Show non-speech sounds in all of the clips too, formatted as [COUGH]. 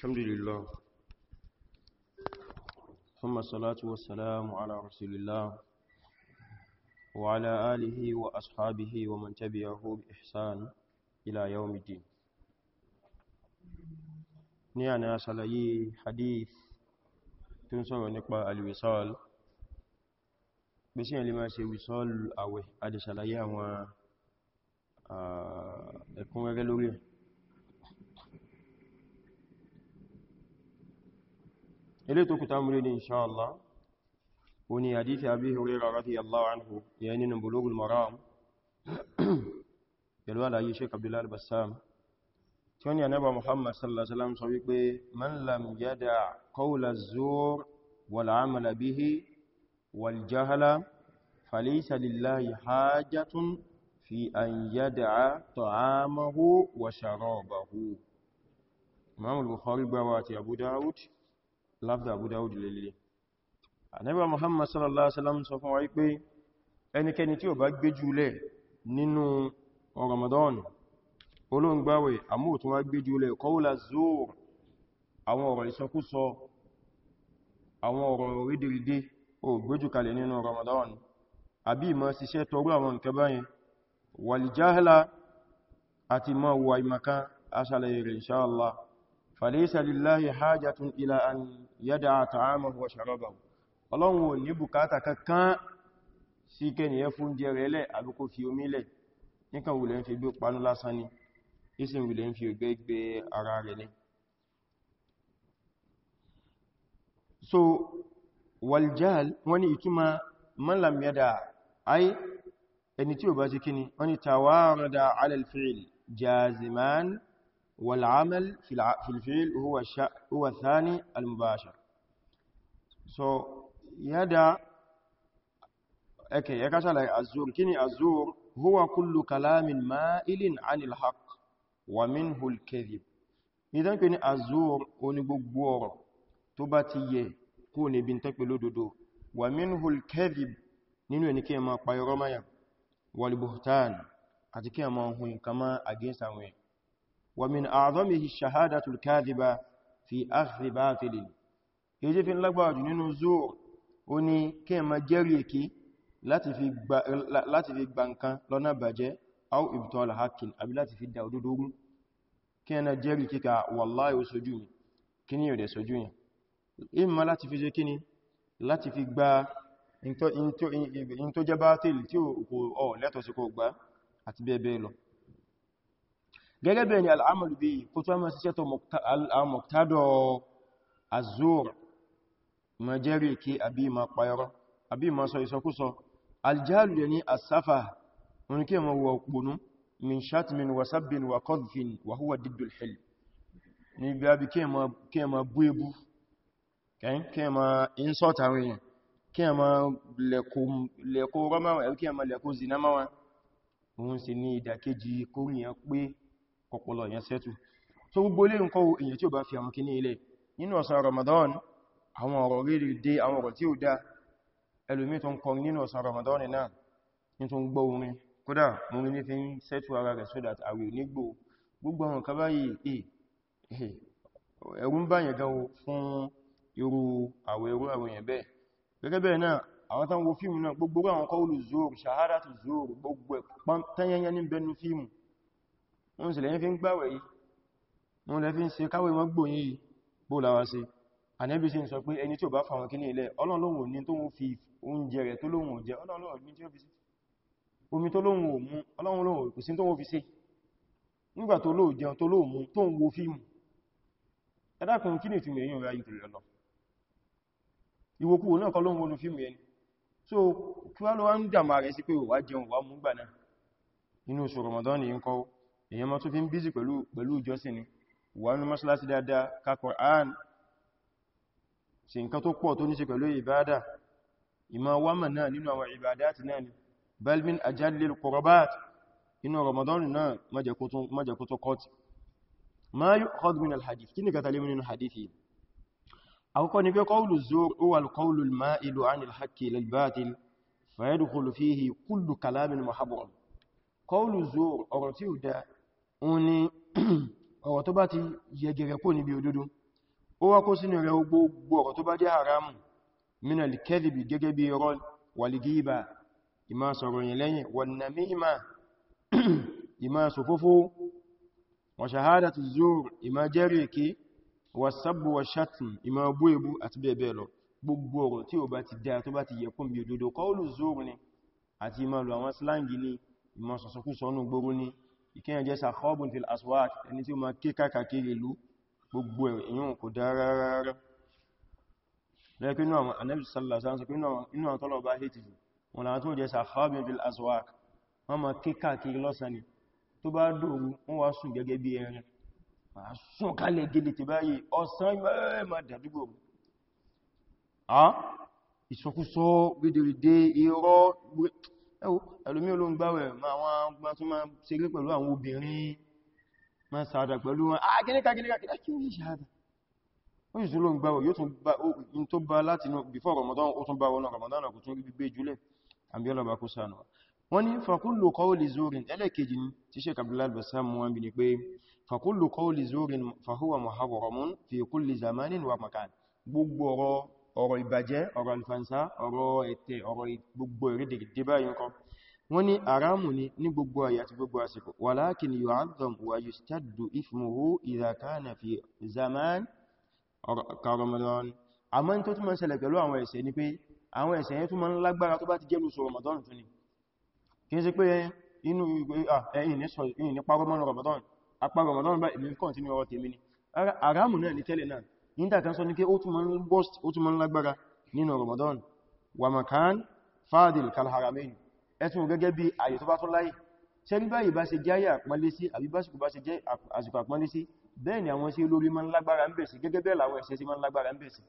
الحمد لله ثم الصلاة والسلام على رسول الله وعلى آله وأصحابه ومن تبعه بإحسان إلى يوم الدين نعنى صلي حديث تنصر نقبع الوصال بسيئة لما سيوصال أوه هذا صلي هو أكون lórí ilé tó kùtà múrí ní insha Allah o ni hadithi Abi Hurairah radiyallahu anhu ya nínú Bulughul Maram pẹ̀lú alayi Sheikh Abdullah al-Bassam tí wọ́n ni anẹ́bà Muhammad sallallahu alaihi wasallam sọ wípé man lam yada qawla zur wal amala bihi wal jahala lillahi hajatun fi an yada ta'amahu wa sharabahu Imam al-Bukhari gbawa àti Abu Dawud láfdà Abu Dawud lélẹ̀ ànábì Muhammad sallallahu alaihi wasallam sọ fún wa pé ẹnikẹni tí ó bá gbé jùlẹ̀ nínú Ramadan olóngbáwẹ̀ àmóòtún wá gbé jùlẹ̀ kọ́wùlà zoor àwọn ọ̀rọ̀ ìsọkúsọ àwọn ọ̀rọ̀ orídìrídé ó gbójú kalẹ̀ nínú Ramadan àbí ma ṣiṣẹ́ tọrú àwọn nǹkan báyẹn wàlìjáhálà àti ma فليس لله حاجة إلى أن يدعى طعامه وشرابه ọlọ́run ò ní bùkátà kankan sí kẹniyẹ fún jẹrẹ lẹ́ àbúkò fi omi lẹ̀ níkan wùlẹ̀ ń fi gbé panú lásán ni ìsìn wùlẹ̀ ń fi ọgbẹ́ gbé ara rẹ̀ ní so waljal wọ́n ní ìtumá mọ́làmẹ́dà ay ẹni tí ò bá sí kíni wọ́n ní tawarada alal والعمل في الفعل هو هو الثاني المباشر so يدا okay ya kasha la azur kini azur huwa kullu kalamin ma'ilin 'anil haqq wa minhu al-kadhib idan kini azur oni gbogbo ọ̀rọ̀ tó bá ti yẹ kò ní bi ntan pe lódodo wa minhu al-kadhib nínú ẹni ke ma pa irọ́ maya wal buhtan àti ke ma hun kama against àwọn ومن أعظمه الشهادة الكاذبة في أخذ باطل يجي في اللقبات نينو زور وني كما جريكي láti fi gba nǹkan lọ́nà bàjẹ́ au ibtọ́lá hakin àbí láti fi dá òdúdógún kí ẹna jẹ́rì kíkà wallahi ó sojú yìí kí ní òdẹ̀ sojú yìí ìmá láti fi ṣe kí ni láti fi gba in tó jẹ́ bátil tí ó lẹ́tọ̀ sí kó gbá àti bẹ́ẹ̀ bẹ́ẹ̀ lọ gẹ́gẹ́ bẹ́ẹ̀ ni al'amal bí kó tó mọ́ síṣẹ́ tó al-muktado azur ma jẹ́rì kí àbí ma payọrọ àbí ma sọ ìsọkúsọ aljahalu yẹ ni asafa wọn kí ma wọ pọnú min shatmin wa sabbin wa qadhfin wa huwa diddul hil ni gabi kí ma bú ebú kí ma insult àwọn èèyàn kí ma lẹ́kọ̀ọ́ rọ́mọ́wà kí ma lẹ́kọ̀ọ́ zinamawa òun sì ni ìdàkejì kóríyàn pé kọpọlọ yẹn sẹ́tù so gbogbo ilé nǹkan èyàn tí ó bá fi àwọn kìíní ilẹ̀ nínú ọ̀sán Ramadan àwọn ọ̀rọ̀ rí dé àwọn ọ̀rọ̀ tí ó dá ẹlòmí tó ń kọ nínú ọ̀sán Ramadan náà ní tó ń gbọ́ orin kódà orin ní fi ń sẹ́tù ara rẹ̀ sódà àwẹ̀ onígbò gbogbo àwọn kaba yìí eh, eh, ẹ̀rù ń báyẹ̀ gan fún irú àwẹ̀ irú àwọn èèyàn bẹ́ẹ̀ gẹ́gẹ́ bẹ́ẹ̀ náà àwọn tán wo fíìmù náà gbogbo àwọn kọlù zoro shahadatu zoro gbogbo ẹ̀ tányányá ní bẹnu fíìmù wọ́n sì lẹ́yìn fi ń gbàwẹ̀ yìí wọ́n lẹ́ fi ń ṣe káwẹ̀ mọ́ gbò yìí bó láwá sí Ànábì sì ń sọ pé ẹni tí ò bá fàwọn kí ní ilẹ̀ Ọlọ́run ní tó ń fi oúnjẹ rẹ̀ tó lóhun ò jẹ Ọlọ́run ní tí ó fi sí omi tó lóhun so kí wá ló wá ń dàmà rẹ̀ sí pé ò jẹun wá mú gbà náà inú oṣù Ramadan yìí ń kọ́ èyàn ma tó fi ń bízi pẹ̀lú ìjọsìn ni wà ní mọ́ṣálásí dáadáa ka Qur'an ṣe nǹkan tó pọ̀ tó ní ṣe pẹ̀lú ìbádà ìmá wámà náà nínú àwọn ìbádà ti náà ni bal ajalil ajallil inú Ramadan náà májẹ̀kú tó kọ́tì ma yu'khadh min kullu kalamin muhabbar qawlu zur ọ̀rọ̀ tí ó dáa òun ni [CLEARS THROAT] ọ̀rọ̀ tó bá ti yẹgẹrẹ kó níbi òdodo ó wá kó sínú rẹ̀ gbogbo ọ̀rọ̀ tó bá jẹ́ haramu mina al-kadhibi gẹ́gẹ́ bí irọ́ wal-ghiba ìmá sọ̀rọ̀ yìn lẹ́yìn wan-namima [CLEARS THROAT] ìmá sòfófó wa shahadatu zur ìmá jẹ́rìí èké was-sabbu wash-shatm ìmá bú ni àti ìmá lọ ni ìmá sọ̀sọ̀kú sọ́nù gbóró ni ìkíyàn jẹ́ sàkọ́bùn fil aswaq ẹni tí ó ma kí kákàkiri ìlú gbogbo èyàn kò dára rárá lẹ́kí inú àwọn anábì sallallahu alaihi wasallam inú àwọn tọ́lọ̀ bá hìtì wọn láti ó jẹ́ sàkọ́bùn fil aswaq wọ́n ma kí kákàkiri lọ́sànì tó bá dòru wọ́n wá sùn gẹ́gẹ́ bí ẹran ma sùn kalẹ̀ gẹ́lẹ̀ ti báyìí ọ̀sán ma ẹlòmí olóhun gbáwẹ̀ àwọn ọgbọ́n tó máa ṣeré pẹ̀lú àwọn obìnrin máa sàádà pẹ̀lú wọn agínníkà ah, gínníkà kí láti ní ìṣàádà ó sì tún lóhun gbáwẹ̀ yóò tún bá in tó bá láti before Ramadan ó tún bá wọn Ramadan kò tún gbígbé jùlẹ̀ àbíọ́lọ́bà kó sànà wọ́n ní fàkúlù kọ́ọ̀lì zorin ẹlẹ́kejì ní tí ṣe kàbílá albasam wọn bí ni pé fàkúlù kọ́ọ̀lì zorin fàhúwà muharramun fi kulli zamanin wa makan gbogbo ọ̀rọ̀ ọ̀rọ̀ ìbàjẹ́ ọ̀rọ̀ ìfànsá ọ̀rọ̀ ètè ọ̀rọ̀ gbogbo ìrédèdè báyìí kan wọ́n ní àrámù ni ní gbogbo ayé àti gbogbo àsìkò walakin yu'azzam wa kana fi zaman ka Ramadan àmọ́ tó túnmọ̀ ṣẹlẹ̀ pẹ̀lú àwọn ẹ̀ṣẹ̀ ni pé àwọn ẹ̀ṣẹ̀ yẹn túnmọ̀ lágbára tó bá ti Ramadan tún ni kí n sí pé inú ẹ̀yìn ní Ramadan apá Ramadan bá ìmú kọ̀ntínú ọ̀rọ̀ tèmi ni àrámù náà ni tẹ́lẹ̀ náà níta kan sọ ní pé ó tún ma ń bọ́st ó tún ma ń lágbára nínú Ramadan wa makan fadil kalharamain ẹtùn gẹ́gẹ́ bí àyè tó bá tún láyé ṣe rí báyìí bá ṣe jáyé àpọ́nlé sí àbí básìkò bá ṣe jẹ́ àsìkò àpọ́nlé sí bẹ́ẹ̀ ni àwọn sí olórí ma ń lágbára ń bẹ̀sí gẹ́gẹ́ bẹ́ẹ̀ làwọn ẹ̀ṣẹ̀ sí ma ń lágbára ń bẹ̀sí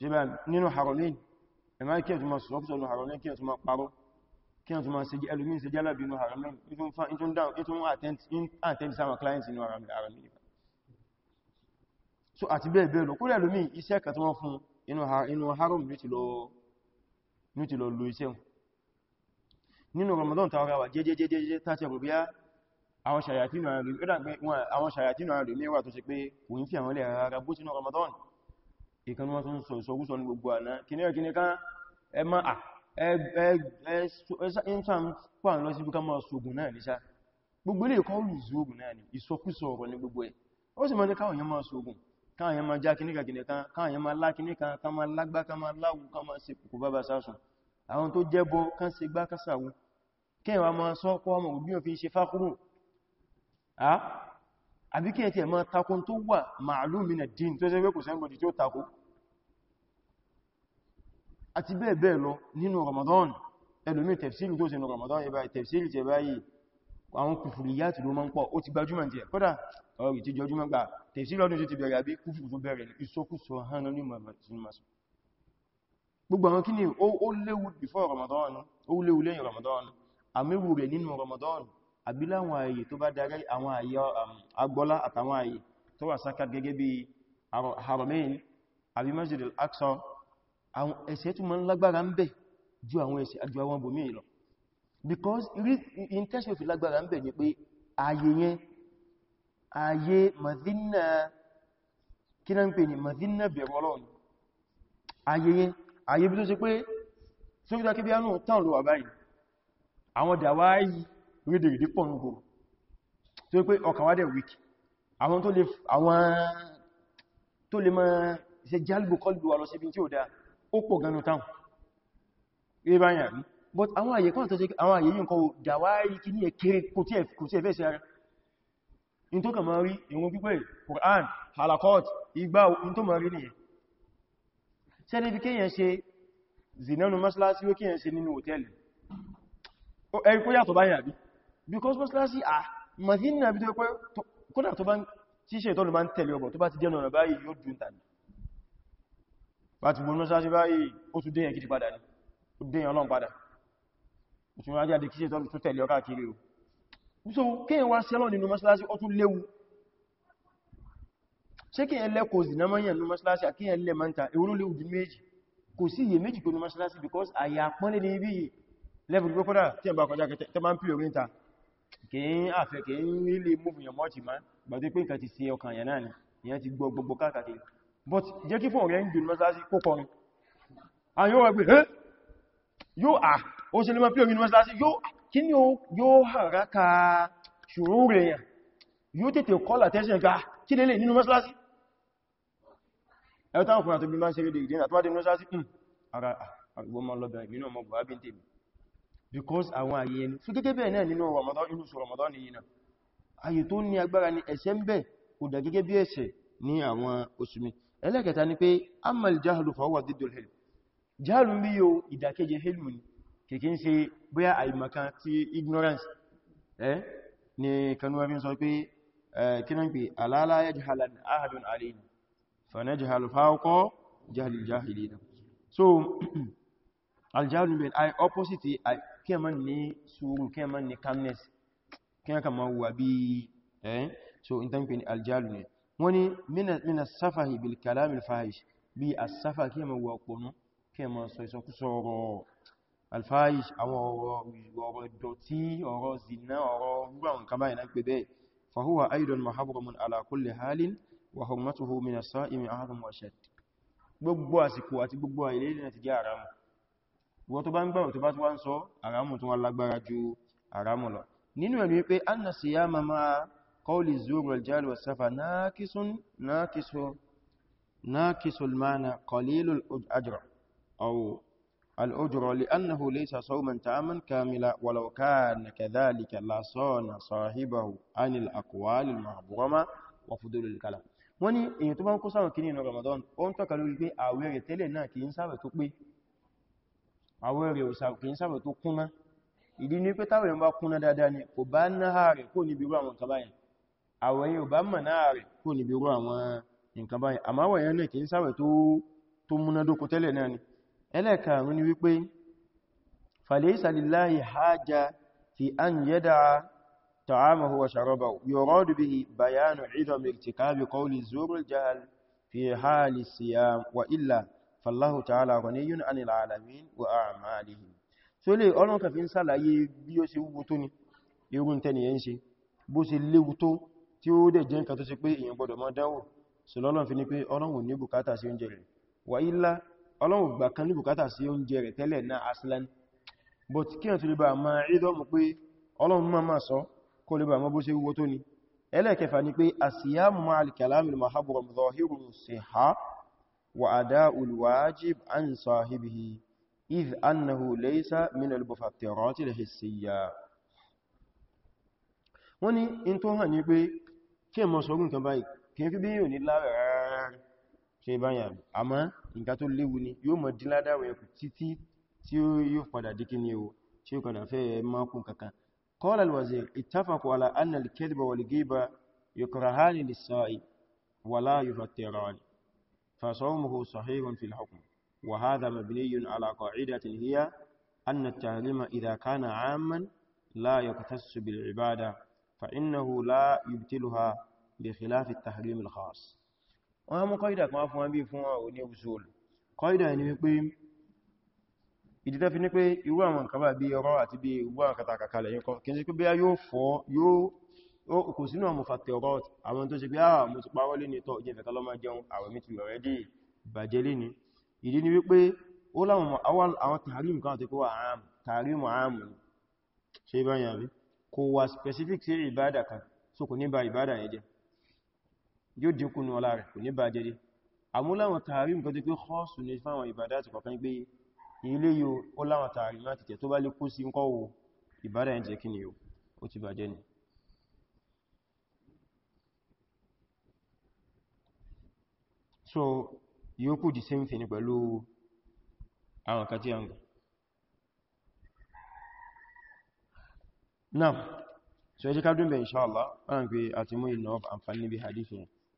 ṣe bá nínú haramain ẹ̀má kí ẹ̀ tún ma sọ́kùsọ̀ nínú haramain kí ẹ̀ tún ma parọ́ kí ẹ̀ tún ma ṣe ẹlòmín ṣe jálàbí nínú haramain ìtún àtẹ́ntì sáwọn clients nínú haramain so àti bẹ́ẹ̀ bẹ́ẹ̀ lọ kó lẹ́lò mí iṣẹ́ kan tí wọ́n fún inú haram ní ti lọ lo iṣẹ́ nínú Ramadan tàwọn rawa jẹ́jẹ́jẹ́jẹ́ tàti ọgbìyà àwọn ṣàyàtínú ààrẹ mẹ́wàá tó ṣe pé kò ń fi àwọn ilẹ̀ ara bó sínú Ramadan ìkan wọ́n tún sọ̀rọ̀sọ̀ ní gbogbo àná kìnníyàn kìnní kan ẹ ma à ẹ̀ẹ́sàn pà lọ sí bíkà máa sógun náà níṣà gbogbo ilé ìkọlù ìzógun náà ni ìsọkúsọ ọ̀rọ̀ ní gbogbo ẹ̀ ó sì mọ́ ní káwọn yẹn máa sógun káàyàn máa já kíníkà kìnìkan káàyàn máa lá kíníkà ká máa lágbá ká máa láwù ká máa ṣe kò bá bá sásùn àwọn tó jẹ́bọ kán ṣe gbá ká sàwú kíyànwà máa sọ kọ́ ọmọ òbíyàn fi ṣe fákúrò àbí kíyàn tí ẹ máa takun tó wà ma'lum min Ramadan ẹlòmí tafsiri tó ṣe nínú Ramadan ìbá tafsiri tẹ àwọn kùfùrìyàtì ló máa ń pọ̀ ó ti gbajúmọ̀ tí ẹ̀ kọ́dà ọ̀rì tí jọjúmọ̀ gbà tẹ̀sí lọ́dún tó ti bẹ̀rẹ̀ àbí kúfùrù bẹ̀rẹ̀ ìsọkúsọ hànà ní masu gbogbo àwọn kíni ó before Ramadan ó léwu lẹ́yìn Ramadan àmìwò rẹ̀ nínú Ramadan àbí láwọn ààyè tó bá darí àwọn ààyè um, agbọ́lá àtàwọn ààyè tó wà sáka gẹ́gẹ́ bí Haramain àbí Masjid al-Aqsa àwọn ẹ̀ṣẹ̀ tó máa ń lágbára ju àwọn ẹ̀ṣẹ̀ àjọ àwọn bòmí lọ because intention fi lágbára ń bẹ̀ ni pé ayé yẹn ayé madina kí náà ń pè ní madina bẹ̀rọ ọlọ́run ayé yẹn ayé bí tó ṣe pé sókítà kí bí ánù tán lọ wà báyìí àwọn dàwáyí rídìrídì pọ̀ nùgbò tó pé ọkàwádẹ̀ wiki àwọn tó lè máa ṣe jálùbù kọlùbù wà lọ sí ibi tí ó dá ó pọ̀ ganu táwọn but àwọn àyè kan tó ṣe àwọn àyè yìí nǹkan dàwárí kí ní ẹkẹrẹ kò tí ẹ̀fẹ́ sí ara in tó kàmà rí ìrun pípẹ́ Qur'an halakot igba in tó ma rí nìyẹn sẹ́ni fi kíyàn ṣe zinanu masalasi ó kíyàn ṣe because masalasi à madina bí tó pẹ́ kódà tó bá ń tíṣẹ́ ìtọ́lù máa ń tẹ̀lé ọbọ̀ tó bá ti dẹ́nu ọ̀nà báyìí yóò dùn ní ó dẹ́yàn ọlọ́run padà ìtùnú ajé àdíkíṣẹ́ tó tẹ̀lé ọkà kiri o so kíyàn wá sẹ́lọ̀ nínú mọ́sálásí ó tún léwu ṣé kíyàn lẹ́ kò zìnà mọ́yàn nínú mọ́sálásí àkíyàn lẹ́ mọ́ta ewúrú méjì kò sí iye méjì nínú mọ́sálásí because àyà pọ́nlẹ̀ ní ibi level gbogbo káàkiri but jẹ́ kí fún ọ̀rẹ́ ń dùn mọ́sálásí kó kọrin àwọn yóò wà gbé yóò ah ó ṣe lè máa pí omi mọ́sílásí kí ni yóò hàrá ka ṣùrún rẹ̀ yàn yóò tètè kọ́lá tẹ́ṣẹ̀ ga kí lè lè nínú mọ́sílásí ẹ̀rọ táwọn ọkùnrin àtòbí máa ṣe rédè ìdíyàn àtọ́wádé mọ́sílásí hmm, ara àgbọ́ ah, máa lọ́bẹ̀rẹ̀ because àwọn àyè ẹni so gẹ́gẹ́ bẹ́ẹ̀ náà nínú Ramadan inú sọ Ramadan nìyí náà àyè tó ní agbára ni ẹ̀ṣẹ̀ ń bẹ jahlu fa huwa diddul hilm jahlu ń bí yóò ìdàkejì ni kìkí ń ṣe bóyá àìmọ̀kan tí ignorance eh ni kanu abin sọ pé kínan pé alala yajhalan ahadun alayna fa najhalu fawqa jahli so [CLEARS THROAT] aljahlu bil i opposite kí ẹ má ní sùúrù kí ẹ má ní calmness kí ẹ kàn máa wà bí eh so in tan pé ni aljahlu ni wọ́n ní min as-safahi bil kalam al-fahish bí as-safa alfahish àwọn ọ̀rọ̀ ìdọ̀tí ọ̀rọ̀ zina ọ̀rọ̀ rúgbàun kama ìná pẹ̀ bẹ́ẹ̀ fahuwa aidan mahabbamun ala kulli halin wa hurmatuhu min as-sa'imi ahadun wa shadd gbogbo àsìkò àti gbogbo àìlè ní ti jẹ́ àrámù wọ́n tó bá ń gbàmù tó bá tó wá ń sọ àrámù tó wá lágbára ju àrámù lọ nínú ẹ̀rí pé anna siyama ma qawli zuru al-jahal wa safa naqisun naqisul mana qalilul ajra aw الأجر لأنه ليس صوما تاما كاملا ولو كان كذلك لصان صاحبه عن الأقوال المحبرمة وفضول الكلام wọ́n ní èyàn tó bá ń kó sáwọn kìíní Ramadan ó ń tọ́ka lórí pé àwẹ̀ tẹ́lẹ̀ náà kìí sábà tó pé àwẹ̀ rẹ̀ kìí sábà tó kúnná ìdí ní pé táwẹ̀ ń bá kúnná dáadáa ni kò bá náà rẹ̀ kò níbi rú àwọn nǹkan báyìí àwẹ̀ yóò bá mọ̀ náà rẹ̀ kò níbi rú àwọn nǹkan báyìí ẹlẹ́ẹ̀kàrún ni wípé falaysa lillahi haja fi an yada'a ta'amahu wa sharabahu yuradu bihi bayanu idham irtikabi qawli zurul jahl fi hali siyam wa illa fallahu ta'ala ghaniyun anil alamin wa a'malihim so le ọlọ́n kàfí ń sàlàyé bí ó ṣe wúwo tó ni irun tẹ́ni yẹn ṣe bó ṣe léwu tó tí ó dẹ̀ jẹ́ nǹkan tó ṣe pé èèyàn gbọ́dọ̀ mọ́ dánwò so lọ́lọ́n fi ní pé ọlọ́run ní bùkátà sí oúnjẹ rẹ̀ wà ílá ọlọ́run gbà kan ní bùkátà sí oúnjẹ rẹ̀ tẹ́lẹ̀ náà aslan but kí ẹ̀ tó lè bá ma rídọ́ mú pé ọlọ́run máa máa sọ kó lè bá mọ́ bó ṣe wúwo tó ni ẹlẹ́ẹ̀kẹfà ni pé asiyamu al-kalamil mahabram zahirun siha wa ada'ul wajib an sahibihi idh annahu kí ẹ sọ́gùn kan báyìí kí n fi bí yíò ní lára ṣe báyà àmá nǹkan tó léwu ni yóò mọ̀ dínládáwọ̀ ẹkù títí tí ó yóò padà díkí ni o tí ó padà fẹ́ mọ́kún kankan qala al-wazir ittafaqu ala anna al-kadhiba wal-ghiba yukrahani lis-sa'i wa la yufattirani fa sawmuhu sahihun fil hukm wa hadha mabniyun ala qa'idatin hiya anna at-ta'lima idha kana 'amman la yaqtasu bil-ibada fa innahu la yubtiluha bi khilaf at-tahrim al-khass wọ́n mú kọ́ìdà kan fún wọn bí fún wọn ò ní usul kọ́ìdà ni wípé ìdítẹ́ fi ní pé irú àwọn kàbà bí ọrọ̀ àti bí irú àwọn kàtàkàkalẹ̀ yíkọ́ kí n sí pé bí a yóò fọ́ yóò kò sínú àwọn fàtẹ̀ ah, ọrọ̀ ni wípé ó láwọn àwọn tààrímù kan àti kó wà àám tààrímù àám ṣe báyàrí specific sí ìbádà kan so ba ìbádà yẹn yóò dínkù ọlá rẹ̀ kò ní bá jẹ́jẹ́ àmúláwọn tààrí nǹkan tó pé họ́ọ̀sù ní fáwọn ìbádá ti kọ̀kan pé ilé yóò ó láwọn tààrí láti tẹ̀ tó bá lè kú sí ń kọ́wọ́ ìbádá ẹ̀ jẹ́ kí ni ó ti bàjẹ́ ni so yóò kù di same thing pẹ̀lú àwọn kan tí náà so ẹ jẹ́ ká dúnbẹ̀ inṣáàlá wọ́n ń pè àti mú ìlú náà àǹfàní bí hadith yẹn